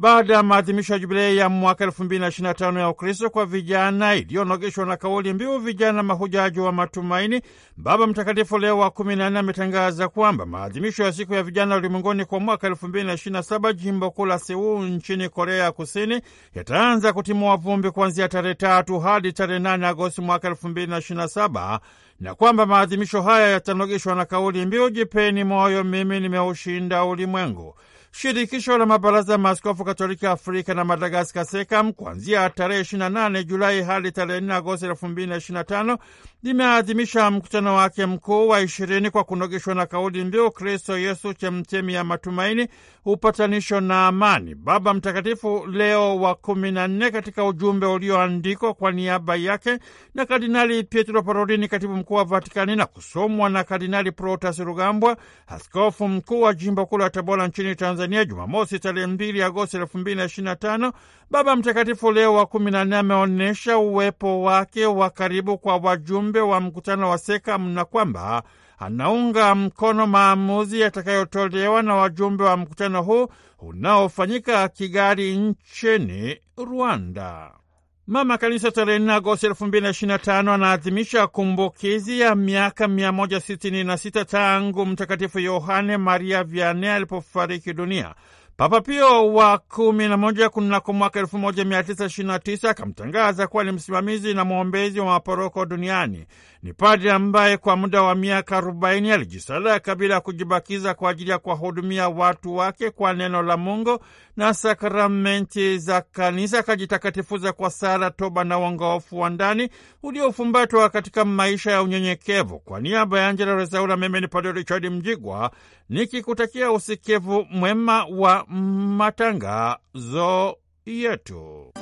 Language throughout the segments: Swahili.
baada ya maadhimisho ya jubilei ya mwaka elfu mbili na ishirini na tano ya Ukristo kwa vijana iliyonogeshwa na kauli mbiu vijana mahujaji wa matumaini, Baba Mtakatifu Leo wa kumi na nne ametangaza kwamba maadhimisho ya siku ya vijana ulimwenguni kwa mwaka elfu mbili na ishirini na saba jimbo kuu la Seul nchini Korea ya Kusini yataanza kutimua vumbi kuanzia tarehe tatu hadi tarehe nane Agosti mwaka elfu mbili na ishirini na saba na kwamba maadhimisho haya yatanogeshwa na kauli mbiu jipeni moyo, mimi nimeushinda ulimwengu. Shirikisho la mabaraza ya maaskofu Katoliki Afrika na Madagaskar, SEKAM, kuanzia tarehe 28 Julai hadi tarehe 4 Agosti 2025 limeadhimisha mkutano wake mkuu wa ishirini kwa kunogeshwa na kauli mbiu Kristo Yesu, chemchemi ya matumaini, upatanisho na amani. Baba Mtakatifu Leo wa 14 katika ujumbe ulioandikwa kwa niaba yake na Kardinali Pietro Parolini, katibu mkuu mkuu wa Vatikani na kusomwa na Kardinali Protas Rugambwa, askofu mkuu wa jimbo kuu la Tabora nchini Tanzania, Jumamosi tarehe 2 Agosti 2025, Baba Mtakatifu Leo wa 14 ameonyesha uwepo wake wa karibu kwa wajumbe wa mkutano wa SEKAM na kwamba anaunga mkono maamuzi yatakayotolewa na wajumbe wa mkutano huu unaofanyika Kigali nchini Rwanda. Mama Kanisa tarehe nne Agosti elfu mbili na tano anaadhimisha kumbukizi ya miaka mia moja sitini na sita tangu Mtakatifu Yohane Maria Vianney alipofariki dunia. Papa Pio wa kumi na moja kunako mwaka elfu moja mia tisa tisa akamtangaza kuwa ni msimamizi na mwombezi wa maporoko duniani. Ni padri ambaye kwa muda wa miaka arobaini alijisadaka bila kujibakiza kwa ajili ya kuwahudumia watu wake kwa neno la Mungu na sakramenti za kanisa, akajitakatifuza kwa sala, toba na uongofu wa ndani uliofumbatwa katika maisha ya unyenyekevu. Kwa niaba ya Angela Rezaula, mimi ni padri Richard Mjigwa nikikutakia usikivu mwema wa matangazo yetu.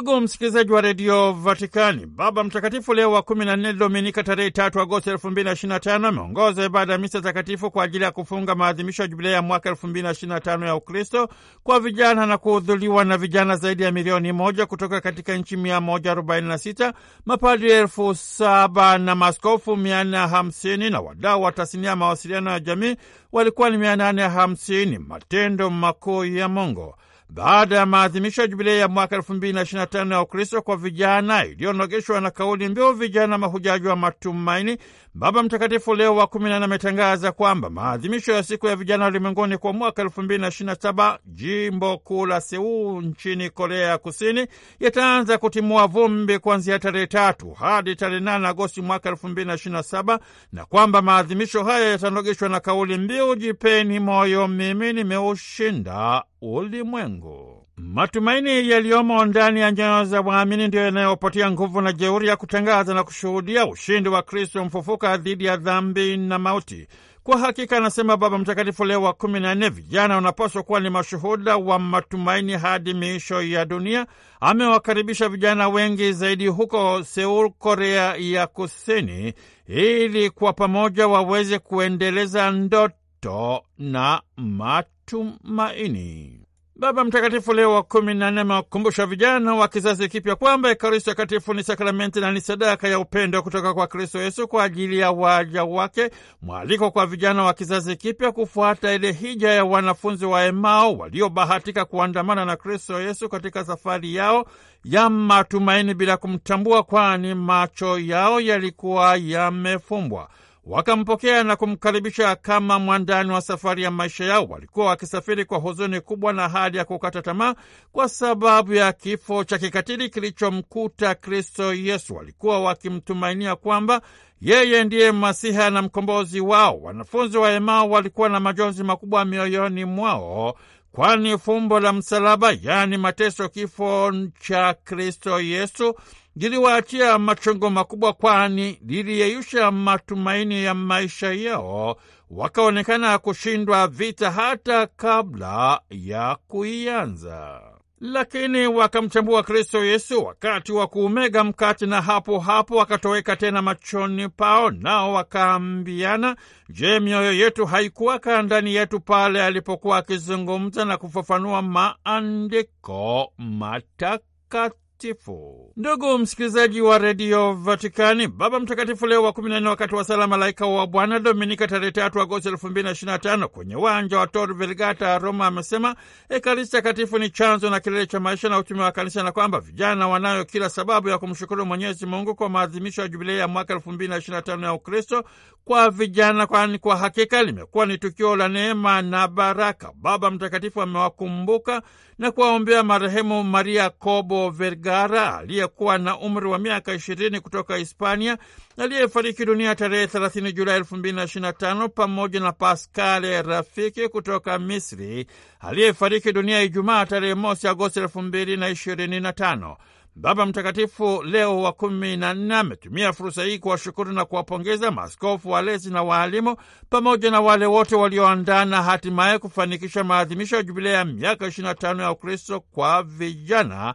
Ndugu msikilizaji wa redio Vatikani, Baba Mtakatifu Leo wa 14 Dominika tarehe 3 Agosti 2025 ameongoza ibada ya misa takatifu kwa ajili ya kufunga maadhimisho ya jubilei ya mwaka 2025 ya Ukristo kwa vijana na kuhudhuriwa na vijana zaidi ya milioni moja kutoka katika nchi 146 mapadri elfu saba na maskofu 450 na wadau wa tasnia ya mawasiliano ya jamii walikuwa ni 850. Matendo makuu ya Mungu baada ya maadhimisho ya jubilei ya mwaka elfu mbili na ishirini na tano ya Ukristo kwa vijana iliyonogeshwa na kauli mbiu vijana mahujaji wa matumaini, Baba Mtakatifu Leo wa kumi na nne ametangaza kwamba maadhimisho ya siku ya vijana ulimwenguni kwa mwaka elfu mbili na ishirini na saba jimbo kuu la Seul nchini Korea ya Kusini yataanza kutimua vumbi kuanzia tarehe tatu hadi tarehe nane Agosti mwaka elfu mbili na ishirini na saba na kwamba maadhimisho haya yatanogeshwa na kauli mbiu jipeni moyo, mimi nimeushinda ulimwengu. Matumaini yaliyomo ndani ya nyoyo za waamini ndiyo yanayopatia nguvu na jeuri ya kutangaza na kushuhudia ushindi wa Kristo mfufuka dhidi ya dhambi na mauti. Kwa hakika, anasema Baba Mtakatifu Leo wa kumi na nne, vijana wanapaswa kuwa ni mashuhuda wa matumaini hadi miisho ya dunia. Amewakaribisha vijana wengi zaidi huko Seul, Korea ya Kusini, ili kwa pamoja waweze kuendeleza ndoto na matumaini matumaini. Baba Mtakatifu Leo wa kumi na nne amewakumbusha vijana wa kizazi kipya kwamba Ekaristi Takatifu ni sakramenti na ni sadaka ya upendo kutoka kwa Kristo Yesu kwa ajili ya waja wake, mwaliko kwa vijana wa kizazi kipya kufuata ile hija ya wanafunzi wa Emao waliobahatika kuandamana na Kristo Yesu katika safari yao ya matumaini bila kumtambua, kwani macho yao yalikuwa yamefumbwa wakampokea na kumkaribisha kama mwandani wa safari ya maisha yao. Walikuwa wakisafiri kwa huzuni kubwa na hali ya kukata tamaa kwa sababu ya kifo cha kikatili kilichomkuta Kristo Yesu. Walikuwa wakimtumainia kwamba yeye ndiye Masiha na mkombozi wao. Wanafunzi wa Emao walikuwa na majonzi makubwa mioyoni mwao kwani fumbo la msalaba, yaani mateso, kifo cha Kristo Yesu liliwaachia machongo makubwa, kwani liliyeyusha matumaini ya maisha yao, wakaonekana kushindwa vita hata kabla ya kuianza. Lakini wakamchambua Kristo Yesu wakati wa kuumega mkate, na hapo hapo wakatoweka tena machoni pao, nao wakaambiana, je, mioyo yetu haikuwaka ndani yetu pale alipokuwa akizungumza na kufafanua maandiko matakatifu? Mtakatifu. Ndugu msikilizaji wa redio Vatikani, Baba Mtakatifu Leo wa 14 wakati wa sala malaika wa Bwana Dominika tarehe 3 Agosti 2025 kwenye uwanja wa Tor Vergata Roma, amesema Ekaristi Takatifu ni chanzo na kilele cha maisha na utume wa kanisa na kwamba vijana wanayo kila sababu ya kumshukuru Mwenyezi Mungu kwa maadhimisho ya jubilei ya mwaka 2025 ya Ukristo kwa vijana, kwani kwa hakika limekuwa ni tukio la neema na baraka. Baba Mtakatifu amewakumbuka na kuwaombea marehemu Maria Kobo Vergata Vergara aliyekuwa na umri wa miaka ishirini kutoka Hispania aliyefariki dunia tarehe 30 Julai 2025 pamoja na Paskale Rafiki kutoka Misri aliyefariki dunia Ijumaa tarehe mosi Agosti 2025. Baba Mtakatifu Leo wa kumi na nne ametumia fursa hii kuwashukuru na kuwapongeza maaskofu walezi na waalimu pamoja na wale wote walioandana hatimaye kufanikisha maadhimisho ya jubilea ya miaka 25 ya Ukristo kwa vijana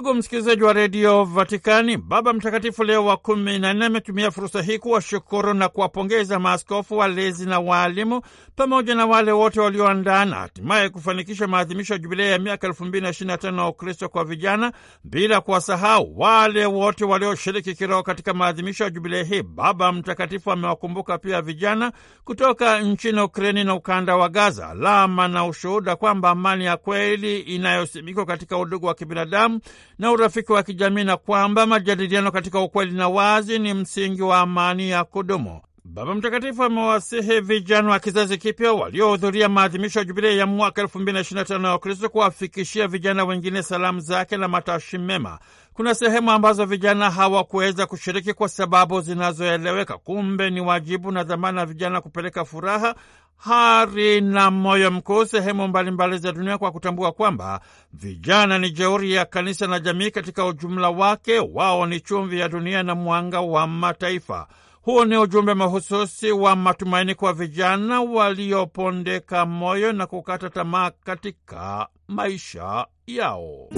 Ndugu msikilizaji wa redio Vatikani, Baba Mtakatifu Leo wa kumi na nne ametumia fursa hii kuwashukuru na kuwapongeza maaskofu, walezi na waalimu pamoja na wale wote na hatimaye kufanikisha maadhimisho ya jubilei ya miaka elfu mbili na ishirini na tano ya Ukristo kwa vijana, bila kuwasahau wale wote walioshiriki kiroho katika maadhimisho ya jubilei hii. Baba Mtakatifu amewakumbuka pia vijana kutoka nchini Ukreni na ukanda wa Gaza, alama na ushuhuda kwamba amani ya kweli inayosimikwa katika udugu wa kibinadamu na urafiki wa kijamii na kwamba majadiliano katika ukweli na wazi ni msingi wa amani ya kudumu. Baba Mtakatifu amewasihi vijana wa kizazi kipya waliohudhuria maadhimisho ya jubilei ya mwaka elfu mbili na na tano ya Ukristo kuwafikishia vijana wengine salamu zake na matashi mema. Kuna sehemu ambazo vijana hawakuweza kushiriki kwa sababu zinazoeleweka. Kumbe ni wajibu na dhamana ya vijana kupeleka furaha, hari na moyo mkuu sehemu mbalimbali za dunia kwa kutambua kwamba vijana ni jeuri ya kanisa na jamii katika ujumla wake. Wao ni chumvi ya dunia na mwanga wa mataifa. Huu ni ujumbe mahususi wa matumaini kwa vijana waliopondeka moyo na kukata tamaa katika maisha yao.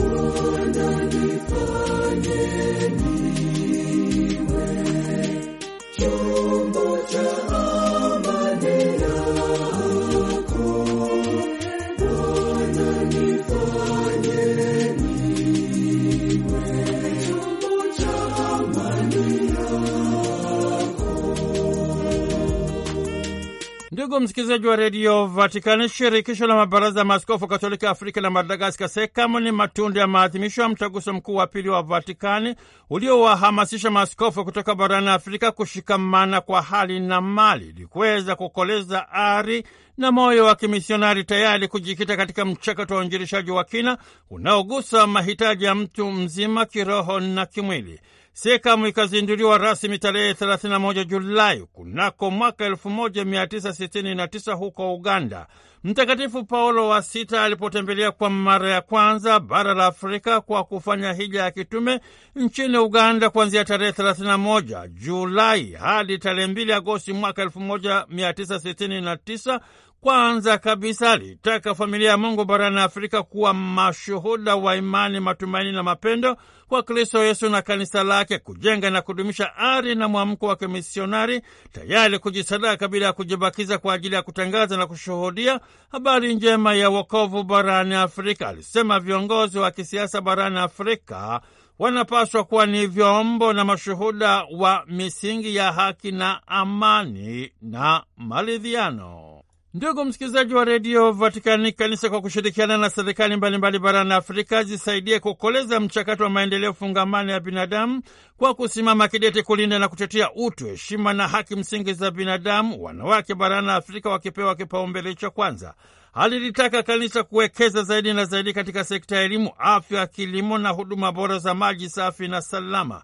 Ndugu msikilizaji wa redio Vatikani, shirikisho la mabaraza ya maaskofu katolika Afrika na Madagaskar, SEKAMU, ni matunda ya maadhimisho ya mtaguso mkuu wa pili wa Vatikani uliowahamasisha maaskofu kutoka barani Afrika kushikamana kwa hali na mali ili kuweza kukoleza ari na moyo wa kimisionari, tayari kujikita katika mchakato wa uinjirishaji wa kina unaogusa mahitaji ya mtu mzima kiroho na kimwili. Sekamu ikazinduliwa rasmi tarehe 31 Julai kunako mwaka 1969 huko Uganda. Mtakatifu Paulo wa Sita alipotembelea kwa mara ya kwanza bara la Afrika kwa kufanya hija ya kitume nchini Uganda kuanzia tarehe 31 Julai hadi tarehe 2 Agosti mwaka 1969 kwanza kabisa alitaka familia ya Mungu barani Afrika kuwa mashuhuda wa imani, matumaini na mapendo kwa Kristo Yesu na kanisa lake, kujenga na kudumisha ari na mwamko wa kimisionari, tayari kujisadaka bila ya kujibakiza kwa ajili ya kutangaza na kushuhudia habari njema ya wokovu barani Afrika. Alisema viongozi wa kisiasa barani Afrika wanapaswa kuwa ni vyombo na mashuhuda wa misingi ya haki na amani na maridhiano. Ndugu msikilizaji wa redio Vatikani, kanisa kwa kushirikiana na serikali mbalimbali barani Afrika zisaidie kukoleza mchakato wa maendeleo fungamano ya binadamu kwa kusimama kidete kulinda na kutetea utu, heshima na haki msingi za binadamu, wanawake barani Afrika wakipewa kipaumbele cha kwanza. Alilitaka kanisa kuwekeza zaidi na zaidi katika sekta ya elimu, afya, kilimo na huduma bora za maji safi na salama.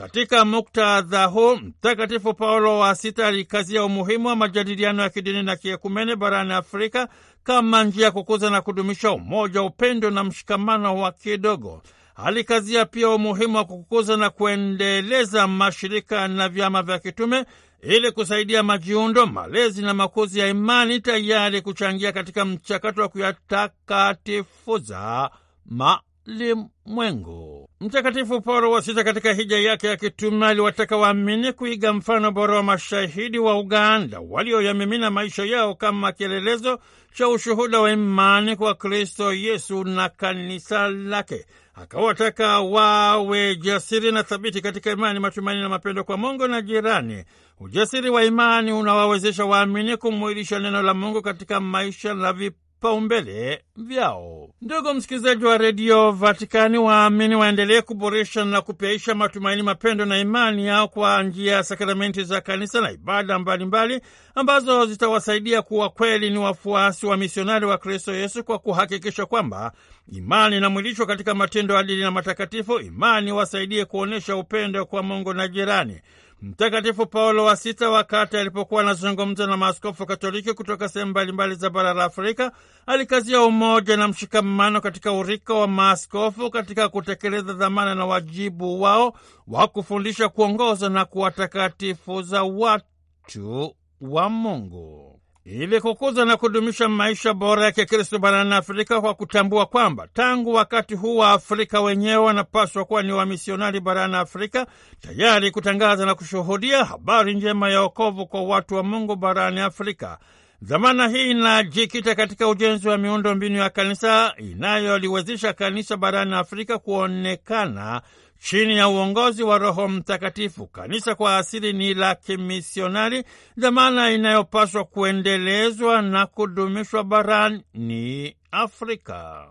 Katika muktadha huu Mtakatifu Paulo wa Sita alikazia umuhimu wa majadiliano ya kidini na kiekumene barani Afrika kama njia ya kukuza na kudumisha umoja, upendo na mshikamano wa kidogo. Alikazia pia umuhimu wa kukuza na kuendeleza mashirika na vyama vya kitume ili kusaidia majiundo, malezi na makuzi ya imani, tayari kuchangia katika mchakato wa kuyatakatifuza ma ulimwengu. Mtakatifu Paulo wa Sita katika hija yake ya kitume aliwataka waamini kuiga mfano bora wa mashahidi wa Uganda walioyamimina maisha yao kama kielelezo cha ushuhuda wa imani kwa Kristo Yesu na kanisa lake. Akawataka wawe jasiri na thabiti katika imani, matumaini na mapendo kwa Mungu na jirani. Ujasiri wa imani unawawezesha waamini kumwilisha neno la Mungu katika maisha na vipi vipaumbele vyao. Ndugu msikilizaji wa redio Vatikani, waamini waendelee kuboresha na kupeisha matumaini, mapendo na imani yao kwa njia ya sakramenti za kanisa na ibada mbalimbali ambazo zitawasaidia kuwa kweli ni wafuasi wa misionari wa Kristo Yesu kwa kuhakikisha kwamba imani inamwilishwa katika matendo adili na matakatifu. Imani wasaidie kuonyesha upendo kwa Mungu na jirani. Mtakatifu Paulo wa Sita, wakati alipokuwa anazungumza na maaskofu Katoliki kutoka sehemu mbalimbali za bara la Afrika, alikazia umoja na mshikamano katika urika wa maaskofu katika kutekeleza dhamana na wajibu wao wa kufundisha, kuongoza na kuwatakatifuza watu wa Mungu ili kukuza na kudumisha maisha bora ya Kikristo barani Afrika, kwa kutambua kwamba tangu wakati huu wa afrika wenyewe wanapaswa kuwa ni wamisionari barani Afrika, tayari kutangaza na kushuhudia habari njema ya wokovu kwa watu wa Mungu barani Afrika. Dhamana hii inajikita katika ujenzi wa miundo mbinu ya kanisa inayoliwezesha kanisa barani Afrika kuonekana Chini ya uongozi wa Roho Mtakatifu, kanisa kwa asili ni la kimisionari, dhamana inayopaswa kuendelezwa na kudumishwa barani Afrika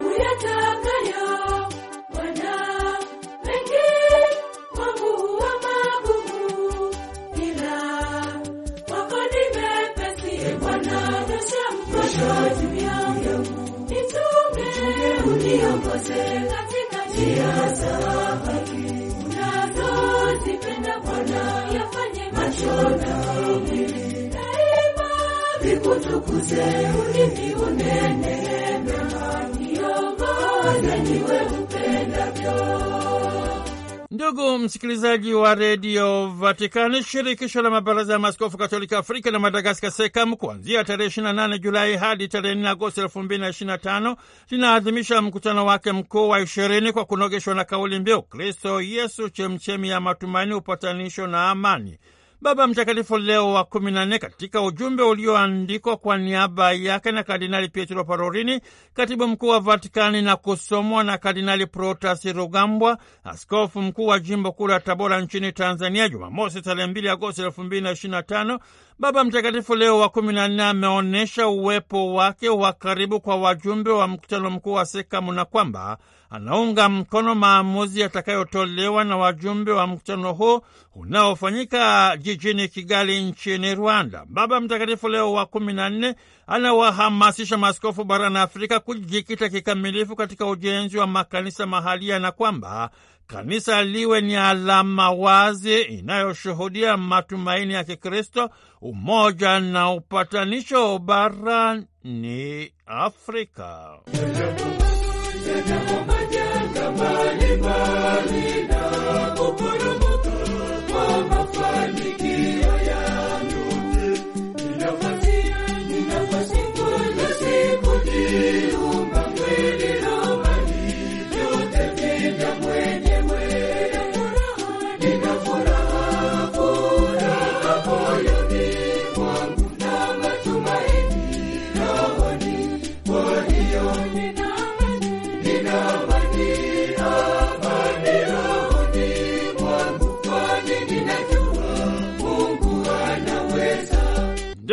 njia yafanye macho daima vikutukuze, ulimi unene, ndiyo maana niwe Ndugu msikilizaji wa redio Vatikani, shirikisho la mabaraza ya maskofu katolika Afrika na Madagaskar, SEKAM, kuanzia tarehe 28 Julai hadi tarehe 4 Agosti 2025 linaadhimisha mkutano wake mkuu wa ishirini kwa kunogeshwa na kauli mbiu Kristo Yesu, chemchemi ya matumaini, upatanisho na amani. Baba Mtakatifu Leo wa kumi na nne katika ujumbe ulioandikwa kwa niaba yake na Kardinali Pietro Parolini, katibu mkuu wa Vatikani, na kusomwa na Kardinali Protasi Rugambwa, askofu mkuu wa jimbo kuu la Tabora nchini Tanzania, Jumamosi tarehe mbili Agosti elfu mbili na ishirini na tano Baba Mtakatifu Leo wa kumi na nne ameonyesha uwepo wake wa karibu kwa wajumbe wa mkutano mkuu wa Sekamu na kwamba anaunga mkono maamuzi yatakayotolewa na wajumbe wa mkutano huu unaofanyika jijini Kigali nchini Rwanda. Baba Mtakatifu Leo wa kumi na nne anawahamasisha maaskofu barani Afrika kujikita kikamilifu katika ujenzi wa makanisa mahalia na kwamba Kanisa liwe ni alama wazi inayoshuhudia matumaini ya Kikristo, umoja na upatanisho barani Afrika.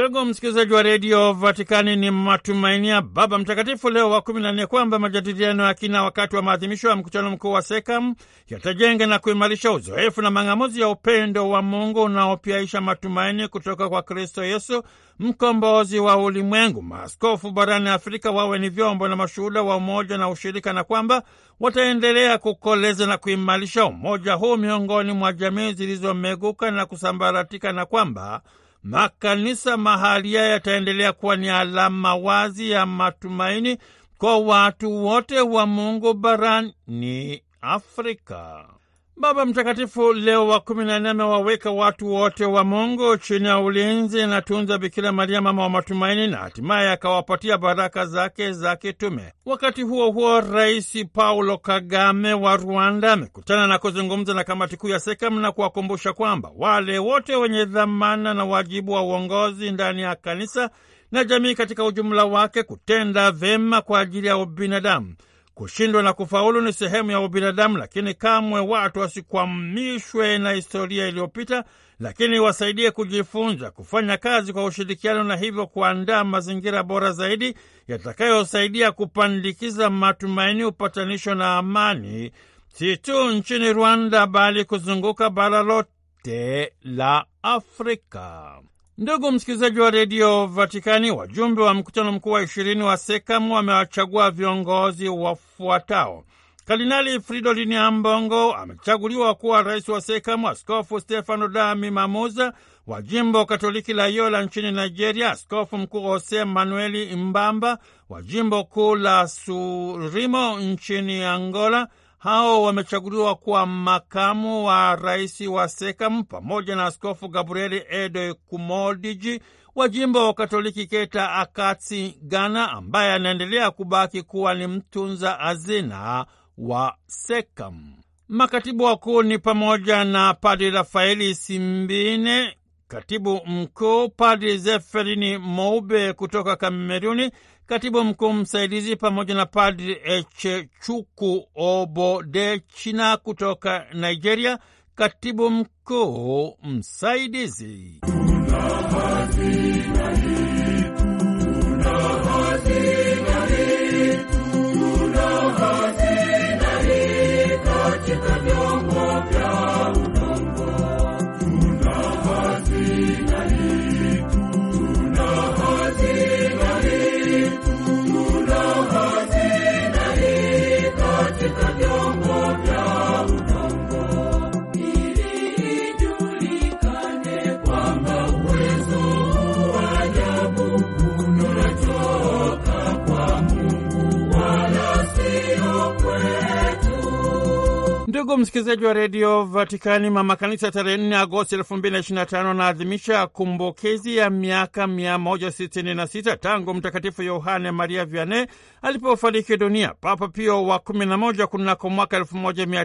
ndogo msikilizaji wa redio Vatikani, ni matumaini ya Baba Mtakatifu Leo wa kumi na nne kwamba majadiliano ya kina wakati wa maadhimisho ya mkutano mkuu wa SEKAM yatajenga na kuimarisha uzoefu na mang'amuzi ya upendo wa Mungu unaopiaisha matumaini kutoka kwa Kristo Yesu, mkombozi wa ulimwengu. Maaskofu barani Afrika wawe ni vyombo na mashuhuda wa umoja na ushirika, na kwamba wataendelea kukoleza na kuimarisha umoja huu miongoni mwa jamii zilizomeguka na kusambaratika, na kwamba Makanisa mahalia yataendelea kuwa ni alama wazi ya matumaini kwa watu wote wa Mungu barani Afrika. Baba Mtakatifu Leo wa kumi na nne amewaweka watu wote wa Mungu chini ya ulinzi na tunza Bikira Maria, mama wa matumaini, na hatimaye akawapatia baraka zake za kitume. Wakati huo huo, Rais Paulo Kagame wa Rwanda amekutana na kuzungumza na kamati kuu ya SEKAM na kuwakumbusha kwamba wale wote wenye dhamana na wajibu wa uongozi ndani ya kanisa na jamii katika ujumla wake kutenda vema kwa ajili ya ubinadamu Kushindwa na kufaulu ni sehemu ya ubinadamu, lakini kamwe watu wasikwamishwe na historia iliyopita, lakini wasaidie kujifunza, kufanya kazi kwa ushirikiano, na hivyo kuandaa mazingira bora zaidi yatakayosaidia kupandikiza matumaini, upatanisho na amani, si tu nchini Rwanda bali kuzunguka bara lote la Afrika. Ndugu msikilizaji wa redio Vatikani, wajumbe wa mkutano mkuu wa ishirini wa SEKAMU wamewachagua viongozi wafuatao: Kardinali Fridolin Ambongo amechaguliwa kuwa rais wa SEKAMU, Askofu Stefano Dami Mamuza wa jimbo Katoliki la Yola nchini Nigeria, Askofu Mkuu Jose Manueli Mbamba wa jimbo kuu la Surimo nchini Angola, hao wamechaguliwa kuwa makamu wa rais wa SEKAM pamoja na Askofu Gabrieli Edo Kumodiji wa jimbo wa Katoliki Keta Akatsi Gana, ambaye anaendelea kubaki kuwa ni mtunza hazina wa SEKAM. Makatibu wakuu ni pamoja na Padri Rafaeli Simbine, katibu mkuu, Padri Zeferini Moube kutoka Kameruni katibu mkuu msaidizi pamoja na Padri Echechukwu Obodechina kutoka Nigeria, katibu mkuu msaidizi msikilizaji wa redio Vatikani, mama kanisa tarehe nne Agosti tano anaadhimisha kumbukizi ya miaka sita tangu Mtakatifu Yohane Maria Vianney alipofariki dunia. Papa Pio wa moja kunako mwaka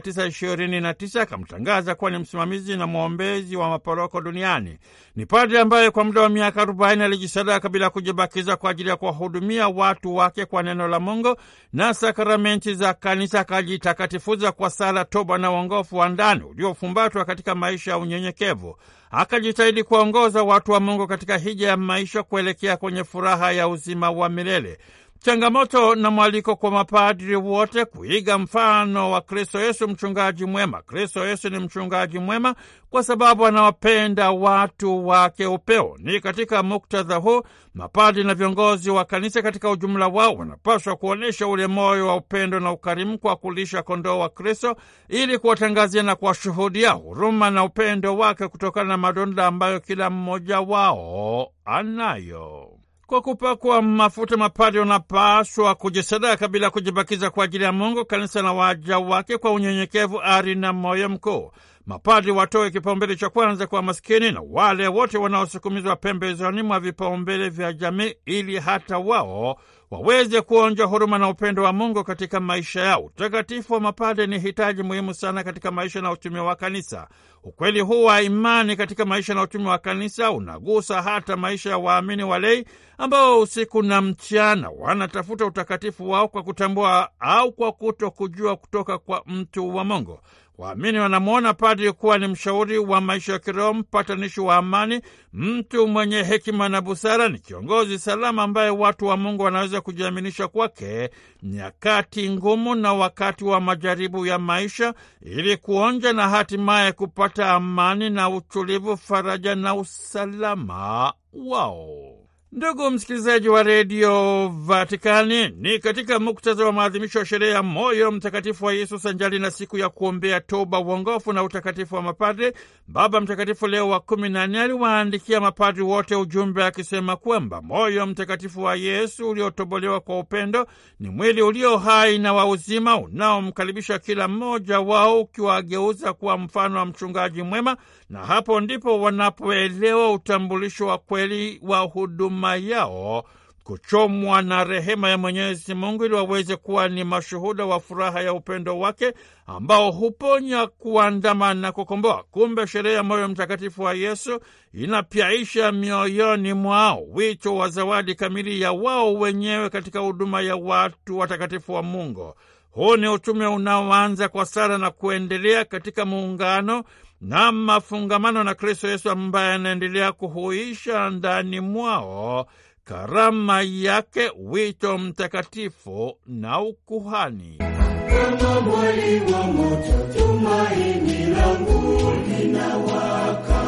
tisa akamtangaza kuwa ni msimamizi na mwombezi wa maporoko duniani. Ni padre ambaye kwa muda wa miaka arobaini alijisadaka bila kujibakiza kwa ajili ya kuwahudumia watu wake kwa neno la Mungu na sakramenti za kanisa, akajitakatifuza kwa sala, toba na uongofu wa ndani uliofumbatwa katika maisha ya unyenyekevu. Akajitahidi kuwaongoza watu wa Mungu katika hija ya maisha kuelekea kwenye furaha ya uzima wa milele changamoto na mwaliko kwa mapadri wote kuiga mfano wa Kristo Yesu mchungaji mwema. Kristo Yesu ni mchungaji mwema kwa sababu anawapenda watu wake upeo. Ni katika muktadha huu mapadri na viongozi wa kanisa katika ujumla wao wanapaswa kuonyesha ule moyo wa upendo na ukarimu kwa kulisha kondoo wa Kristo ili kuwatangazia na kuwashuhudia huruma na upendo wake kutokana na madonda ambayo kila mmoja wao anayo kwa kupakwa mafuta mapadri wanapaswa kujisadaka bila kujibakiza kwa ajili ya Mungu, kanisa na waja wake kwa unyenyekevu, ari na moyo mkuu mapadri watoe kipaumbele cha kwanza kwa maskini na wale wote wanaosukumizwa pembezoni mwa vipaumbele vya jamii ili hata wao waweze kuonja huruma na upendo wa Mungu katika maisha yao. Utakatifu wa mapadri ni hitaji muhimu sana katika maisha na uchumi wa kanisa. Ukweli huu wa imani katika maisha na uchumi wa kanisa unagusa hata maisha ya waamini walei ambao usiku na mchana wanatafuta utakatifu wao kwa kutambua au kwa kuto kujua kutoka kwa mtu wa Mungu. Waamini wanamwona padri kuwa ni mshauri wa maisha ya kiroho, mpatanishi wa amani, mtu mwenye hekima na busara. Ni kiongozi salama ambaye watu wa Mungu wanaweza kujiaminisha kwake nyakati ngumu na wakati wa majaribu ya maisha, ili kuonja na hatimaye kupata amani na utulivu, faraja na usalama wao. Ndugu msikilizaji wa redio Vatikani, ni katika muktadha wa maadhimisho ya sherehe ya moyo mtakatifu wa Yesu sanjali na siku ya kuombea toba, uongofu na utakatifu wa mapadre, Baba Mtakatifu Leo wa kumi na nne aliwaandikia mapadri wote ujumbe akisema kwamba moyo mtakatifu wa Yesu uliotobolewa kwa upendo ni mwili ulio hai na wa uzima unaomkaribisha kila mmoja wao, ukiwageuza kuwa mfano wa mchungaji mwema, na hapo ndipo wanapoelewa utambulisho wa kweli wa huduma heshima yao kuchomwa na rehema ya Mwenyezi Mungu ili waweze kuwa ni mashuhuda wa furaha ya upendo wake ambao huponya, kuandama na kukomboa. Kumbe sherehe ya moyo mtakatifu wa Yesu inapyaisha mioyoni mwao wito wa zawadi kamili ya wao wenyewe katika huduma ya watu watakatifu wa Mungu. Huu ni utume unaoanza kwa sala na kuendelea katika muungano na mafungamano na Kristo Yesu ambaye anaendelea kuhuisha ndani mwao karama yake, wito mtakatifu na ukuhani. Kama mwali wa moto, tumaini langu linawaka.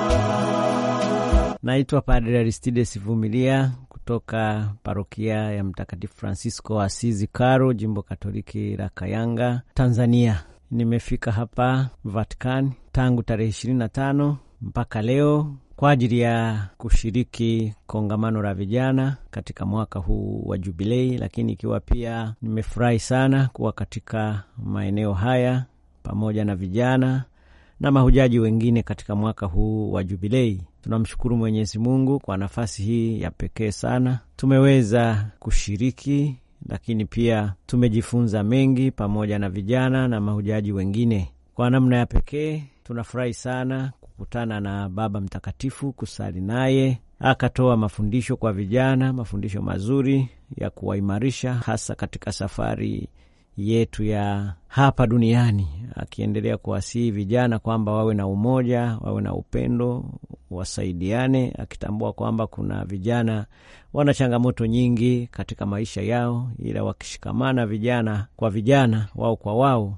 Naitwa Padre aristide sivumilia kutoka parokia ya Mtakatifu Francisco Asizi Karo, jimbo Katoliki la Kayanga, Tanzania. Nimefika hapa Vatican tangu tarehe ishirini na tano mpaka leo kwa ajili ya kushiriki kongamano la vijana katika mwaka huu wa Jubilei, lakini ikiwa pia nimefurahi sana kuwa katika maeneo haya pamoja na vijana na mahujaji wengine katika mwaka huu wa Jubilei. Tunamshukuru Mwenyezi Mungu kwa nafasi hii ya pekee sana tumeweza kushiriki lakini pia tumejifunza mengi pamoja na vijana na mahujaji wengine. Kwa namna ya pekee tunafurahi sana kukutana na Baba Mtakatifu, kusali naye, akatoa mafundisho kwa vijana, mafundisho mazuri ya kuwaimarisha hasa katika safari yetu ya hapa duniani, akiendelea kuwasihi vijana kwamba wawe na umoja, wawe na upendo, wasaidiane, akitambua kwamba kuna vijana wana changamoto nyingi katika maisha yao, ila wakishikamana vijana kwa vijana, wao kwa wao,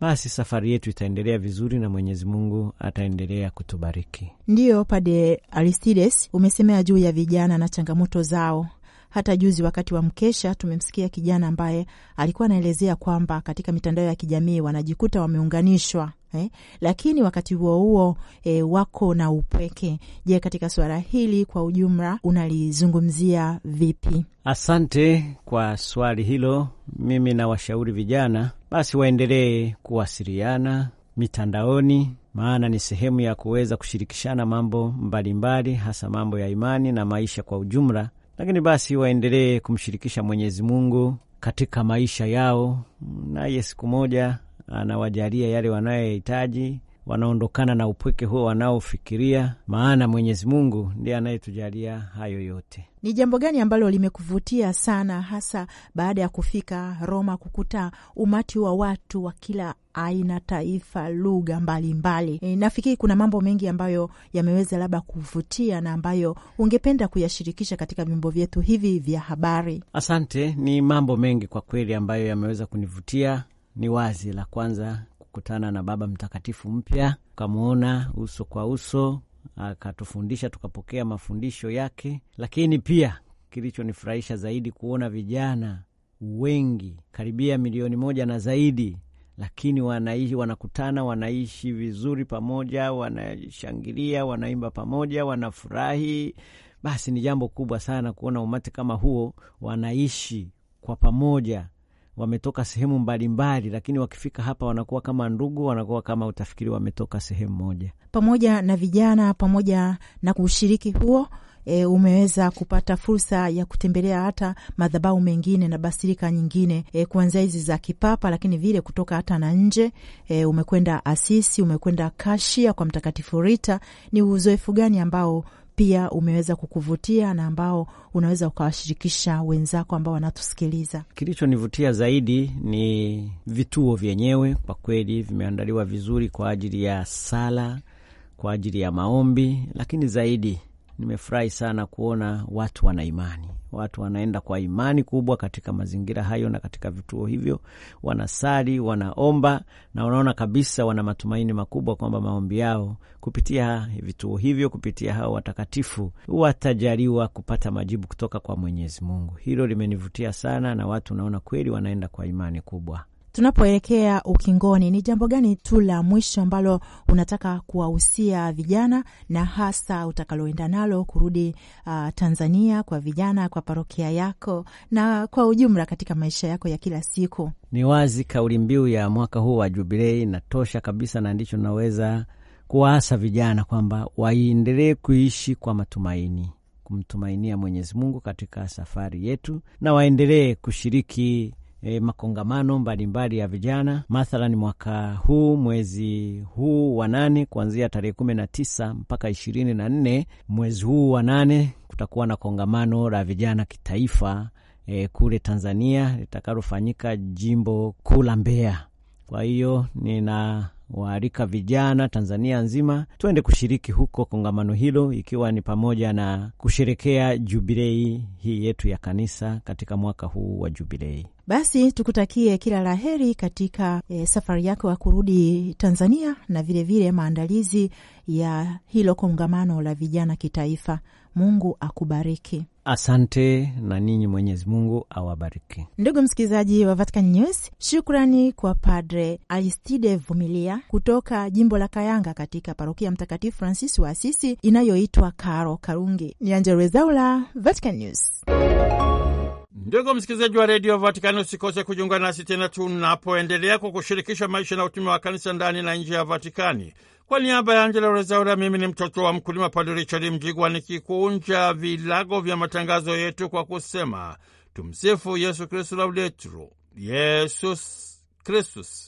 basi safari yetu itaendelea vizuri na Mwenyezi Mungu ataendelea kutubariki. Ndiyo, Pade Aristides, umesemea juu ya vijana na changamoto zao hata juzi wakati wa mkesha tumemsikia kijana ambaye alikuwa anaelezea kwamba katika mitandao ya kijamii wanajikuta wameunganishwa Eh, lakini wakati huo huo eh, wako na upweke. Je, katika suala hili kwa ujumla unalizungumzia vipi? Asante kwa swali hilo. Mimi nawashauri vijana basi waendelee kuwasiliana mitandaoni, maana ni sehemu ya kuweza kushirikishana mambo mbalimbali mbali, hasa mambo ya imani na maisha kwa ujumla lakini basi waendelee kumshirikisha Mwenyezi Mungu katika maisha yao, naye siku moja anawajalia yale wanayohitaji wanaondokana na upweke huo wanaofikiria, maana Mwenyezi Mungu ndiye anayetujalia hayo yote. Ni jambo gani ambalo limekuvutia sana, hasa baada ya kufika Roma, kukuta umati wa watu wa kila aina, taifa, lugha mbalimbali? E, nafikiri kuna mambo mengi ambayo yameweza labda kuvutia na ambayo ungependa kuyashirikisha katika vyombo vyetu hivi vya habari. Asante. Ni mambo mengi kwa kweli ambayo yameweza kunivutia. Ni wazi la kwanza kukutana na Baba Mtakatifu mpya, ukamwona uso kwa uso, akatufundisha tukapokea mafundisho yake. Lakini pia kilichonifurahisha zaidi kuona vijana wengi karibia milioni moja na zaidi lakini wanaishi, wanakutana, wanaishi vizuri pamoja, wanashangilia, wanaimba pamoja, wanafurahi. Basi ni jambo kubwa sana kuona umati kama huo wanaishi kwa pamoja wametoka sehemu mbalimbali mbali, lakini wakifika hapa wanakuwa kama ndugu, wanakuwa kama utafikiri wametoka sehemu moja. Pamoja na vijana, pamoja na kuushiriki huo E, umeweza kupata fursa ya kutembelea hata madhabahu mengine na basilika nyingine e, kuanzia hizi za kipapa, lakini vile kutoka hata na nje e, umekwenda Asisi, umekwenda Kashia kwa Mtakatifu Rita. Ni uzoefu gani ambao pia umeweza kukuvutia na ambao unaweza ukawashirikisha wenzako ambao wanatusikiliza. Kilichonivutia zaidi ni vituo vyenyewe, kwa kweli vimeandaliwa vizuri kwa ajili ya sala, kwa ajili ya maombi, lakini zaidi Nimefurahi sana kuona watu wana imani, watu wanaenda kwa imani kubwa katika mazingira hayo na katika vituo hivyo, wanasali, wanaomba na wanaona kabisa, wana matumaini makubwa kwamba maombi yao kupitia vituo hivyo, kupitia hao watakatifu, watajaliwa kupata majibu kutoka kwa Mwenyezi Mungu. Hilo limenivutia sana, na watu naona kweli wanaenda kwa imani kubwa. Tunapoelekea ukingoni, ni jambo gani tu la mwisho ambalo unataka kuwahusia vijana na hasa utakaloenda nalo kurudi uh, Tanzania kwa vijana, kwa parokia yako na kwa ujumla katika maisha yako ya kila siku? Ni wazi kauli mbiu ya mwaka huu wa Jubilei inatosha kabisa, na ndicho naweza kuwaasa vijana kwamba waendelee kuishi kwa matumaini kumtumainia Mwenyezi Mungu katika safari yetu, na waendelee kushiriki e, makongamano mbalimbali ya vijana. Mathalan, mwaka huu mwezi huu wa nane kuanzia tarehe kumi na tisa mpaka ishirini na nne mwezi huu wa nane kutakuwa na kongamano la vijana kitaifa e, kule Tanzania litakalofanyika jimbo kuu la Mbeya. Kwa hiyo nina waalika vijana Tanzania nzima twende kushiriki huko kongamano hilo, ikiwa ni pamoja na kusherekea jubilei hii yetu ya kanisa katika mwaka huu wa jubilei. Basi tukutakie kila la heri katika e, safari yako ya kurudi Tanzania na vilevile vile maandalizi ya hilo kongamano la vijana kitaifa. Mungu akubariki. Asante na ninyi, Mwenyezi Mungu awabariki. Ndugu msikilizaji wa Vatican News, shukrani kwa Padre Aristide Vumilia kutoka jimbo la Kayanga katika parokia Mtakatifu Francis wa Asisi inayoitwa Karo Karungi. Ni Angella Rwezaula, Vatican News. Ndugu msikilizaji wa redio Vatikani, usikose kujiunga nasi tena tunapoendelea kwa kushirikisha maisha na utume wa kanisa ndani na nje ya Vatikani. Kwa niaba ya Angela Rezaura, mimi ni mtoto wa mkulima Padre Richard Mjigwa, nikikunja vilago vya matangazo yetu kwa kusema tumsifu Yesu Kristu, lauletu Yesus Kristus.